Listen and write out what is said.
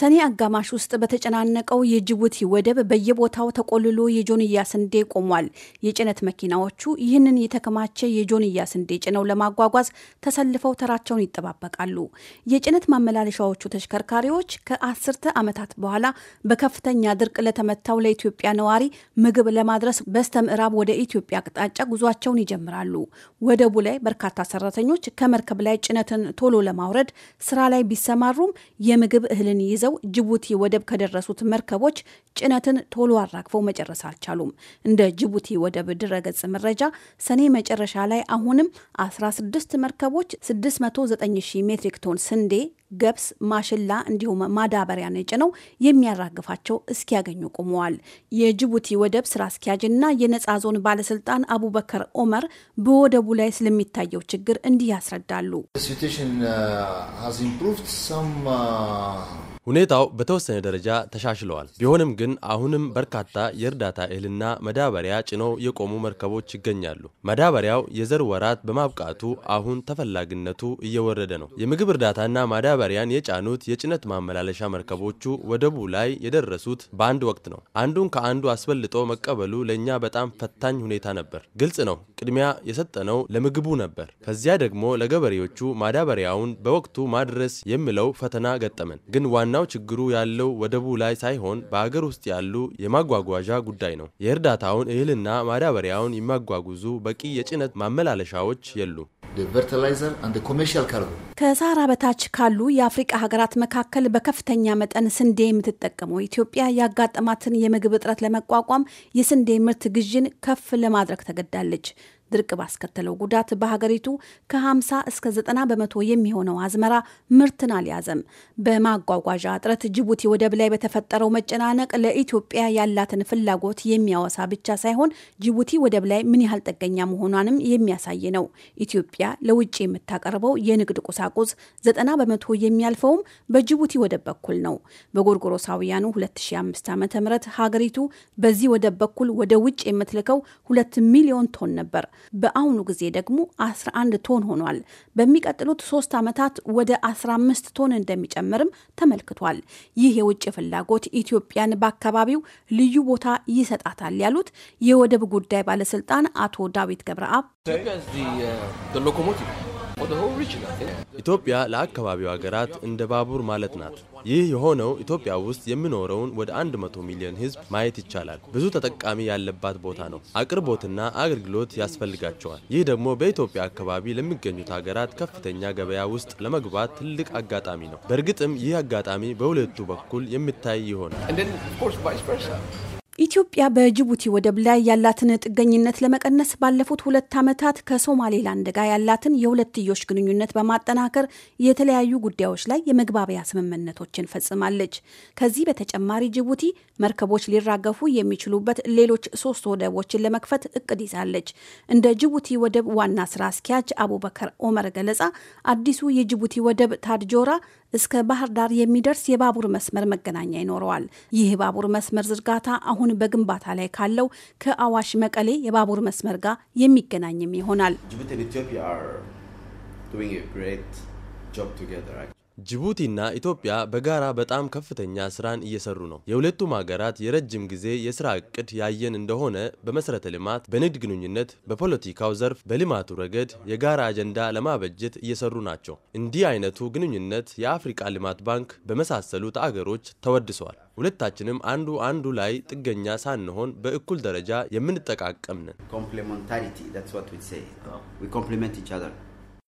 ሰኔ አጋማሽ ውስጥ በተጨናነቀው የጅቡቲ ወደብ በየቦታው ተቆልሎ የጆንያ ስንዴ ቆሟል። የጭነት መኪናዎቹ ይህንን የተከማቸ የጆንያ ስንዴ ጭነው ለማጓጓዝ ተሰልፈው ተራቸውን ይጠባበቃሉ። የጭነት ማመላለሻዎቹ ተሽከርካሪዎች ከአስርተ ዓመታት በኋላ በከፍተኛ ድርቅ ለተመታው ለኢትዮጵያ ነዋሪ ምግብ ለማድረስ በስተ ምዕራብ ወደ ኢትዮጵያ አቅጣጫ ጉዟቸውን ይጀምራሉ። ወደቡ ላይ በርካታ ሰራተኞች ከመርከብ ላይ ጭነትን ቶሎ ለማውረድ ስራ ላይ ቢሰማሩም የምግብ እህልን ይዘው ተይዘው ጅቡቲ ወደብ ከደረሱት መርከቦች ጭነትን ቶሎ አራግፈው መጨረስ አልቻሉም። እንደ ጅቡቲ ወደብ ድረገጽ መረጃ ሰኔ መጨረሻ ላይ አሁንም 16 መርከቦች 690 ሜትሪክ ቶን ስንዴ፣ ገብስ፣ ማሽላ እንዲሁም ማዳበሪያን ጭነው የሚያራግፋቸው እስኪያገኙ ቆመዋል። የጅቡቲ ወደብ ስራ አስኪያጅና የነጻ ዞን ባለስልጣን አቡበከር ኦመር በወደቡ ላይ ስለሚታየው ችግር እንዲህ ያስረዳሉ። ሁኔታው በተወሰነ ደረጃ ተሻሽለዋል። ቢሆንም ግን አሁንም በርካታ የእርዳታ እህልና መዳበሪያ ጭነው የቆሙ መርከቦች ይገኛሉ። መዳበሪያው የዘር ወራት በማብቃቱ አሁን ተፈላጊነቱ እየወረደ ነው። የምግብ እርዳታና ማዳበሪያን የጫኑት የጭነት ማመላለሻ መርከቦቹ ወደቡ ላይ የደረሱት በአንድ ወቅት ነው። አንዱን ከአንዱ አስበልጦ መቀበሉ ለእኛ በጣም ፈታኝ ሁኔታ ነበር። ግልጽ ነው። ቅድሚያ የሰጠነው ለምግቡ ነበር። ከዚያ ደግሞ ለገበሬዎቹ ማዳበሪያውን በወቅቱ ማድረስ የሚለው ፈተና ገጠመን። ግን ዋና ዋናው ችግሩ ያለው ወደቡ ላይ ሳይሆን በአገር ውስጥ ያሉ የማጓጓዣ ጉዳይ ነው። የእርዳታውን እህልና ማዳበሪያውን የሚያጓጉዙ በቂ የጭነት ማመላለሻዎች የሉ። ከሳራ በታች ካሉ የአፍሪቃ ሀገራት መካከል በከፍተኛ መጠን ስንዴ የምትጠቀመው ኢትዮጵያ ያጋጠማትን የምግብ እጥረት ለመቋቋም የስንዴ ምርት ግዥን ከፍ ለማድረግ ተገዳለች። ድርቅ ባስከተለው ጉዳት በሀገሪቱ ከ50 እስከ 90 በመቶ የሚሆነው አዝመራ ምርትን አልያዘም። በማጓጓዣ እጥረት ጅቡቲ ወደብ ላይ በተፈጠረው መጨናነቅ ለኢትዮጵያ ያላትን ፍላጎት የሚያወሳ ብቻ ሳይሆን ጅቡቲ ወደብ ላይ ምን ያህል ጥገኛ መሆኗንም የሚያሳይ ነው። ኢትዮጵያ ለውጭ የምታቀርበው የንግድ ቁሳቁስ 90 በመቶ የሚያልፈውም በጅቡቲ ወደብ በኩል ነው። በጎርጎሮሳውያኑ 2005 ዓ ም ሀገሪቱ በዚህ ወደብ በኩል ወደ ውጭ የምትልከው 2 ሚሊዮን ቶን ነበር። በአሁኑ ጊዜ ደግሞ 11 ቶን ሆኗል። በሚቀጥሉት ሶስት ዓመታት ወደ 15 ቶን እንደሚጨምርም ተመልክቷል። ይህ የውጭ ፍላጎት ኢትዮጵያን በአካባቢው ልዩ ቦታ ይሰጣታል ያሉት የወደብ ጉዳይ ባለስልጣን አቶ ዳዊት ገብረአብ ኢትዮጵያ ለአካባቢው ሀገራት እንደ ባቡር ማለት ናት። ይህ የሆነው ኢትዮጵያ ውስጥ የሚኖረውን ወደ 100 ሚሊዮን ሕዝብ ማየት ይቻላል። ብዙ ተጠቃሚ ያለባት ቦታ ነው። አቅርቦትና አገልግሎት ያስፈልጋቸዋል። ይህ ደግሞ በኢትዮጵያ አካባቢ ለሚገኙት ሀገራት ከፍተኛ ገበያ ውስጥ ለመግባት ትልቅ አጋጣሚ ነው። በእርግጥም ይህ አጋጣሚ በሁለቱ በኩል የሚታይ ይሆናል። ኢትዮጵያ በጅቡቲ ወደብ ላይ ያላትን ጥገኝነት ለመቀነስ ባለፉት ሁለት ዓመታት ከሶማሌላንድ ጋር ያላትን የሁለትዮሽ ግንኙነት በማጠናከር የተለያዩ ጉዳዮች ላይ የመግባቢያ ስምምነቶችን ፈጽማለች። ከዚህ በተጨማሪ ጅቡቲ መርከቦች ሊራገፉ የሚችሉበት ሌሎች ሶስት ወደቦችን ለመክፈት እቅድ ይዛለች። እንደ ጅቡቲ ወደብ ዋና ስራ አስኪያጅ አቡበከር ኦመር ገለጻ አዲሱ የጅቡቲ ወደብ ታድጆራ እስከ ባህር ዳር የሚደርስ የባቡር መስመር መገናኛ ይኖረዋል። ይህ ባቡር መስመር ዝርጋታ አሁን አሁን በግንባታ ላይ ካለው ከአዋሽ መቀሌ የባቡር መስመር ጋር የሚገናኝም ይሆናል። ጅቡቲና ኢትዮጵያ በጋራ በጣም ከፍተኛ ስራን እየሰሩ ነው። የሁለቱም ሀገራት የረጅም ጊዜ የስራ እቅድ ያየን እንደሆነ በመሰረተ ልማት፣ በንግድ ግንኙነት፣ በፖለቲካው ዘርፍ፣ በልማቱ ረገድ የጋራ አጀንዳ ለማበጀት እየሰሩ ናቸው። እንዲህ አይነቱ ግንኙነት የአፍሪቃ ልማት ባንክ በመሳሰሉት አገሮች ተወድሰዋል። ሁለታችንም አንዱ አንዱ ላይ ጥገኛ ሳንሆን በእኩል ደረጃ የምንጠቃቀም ነን።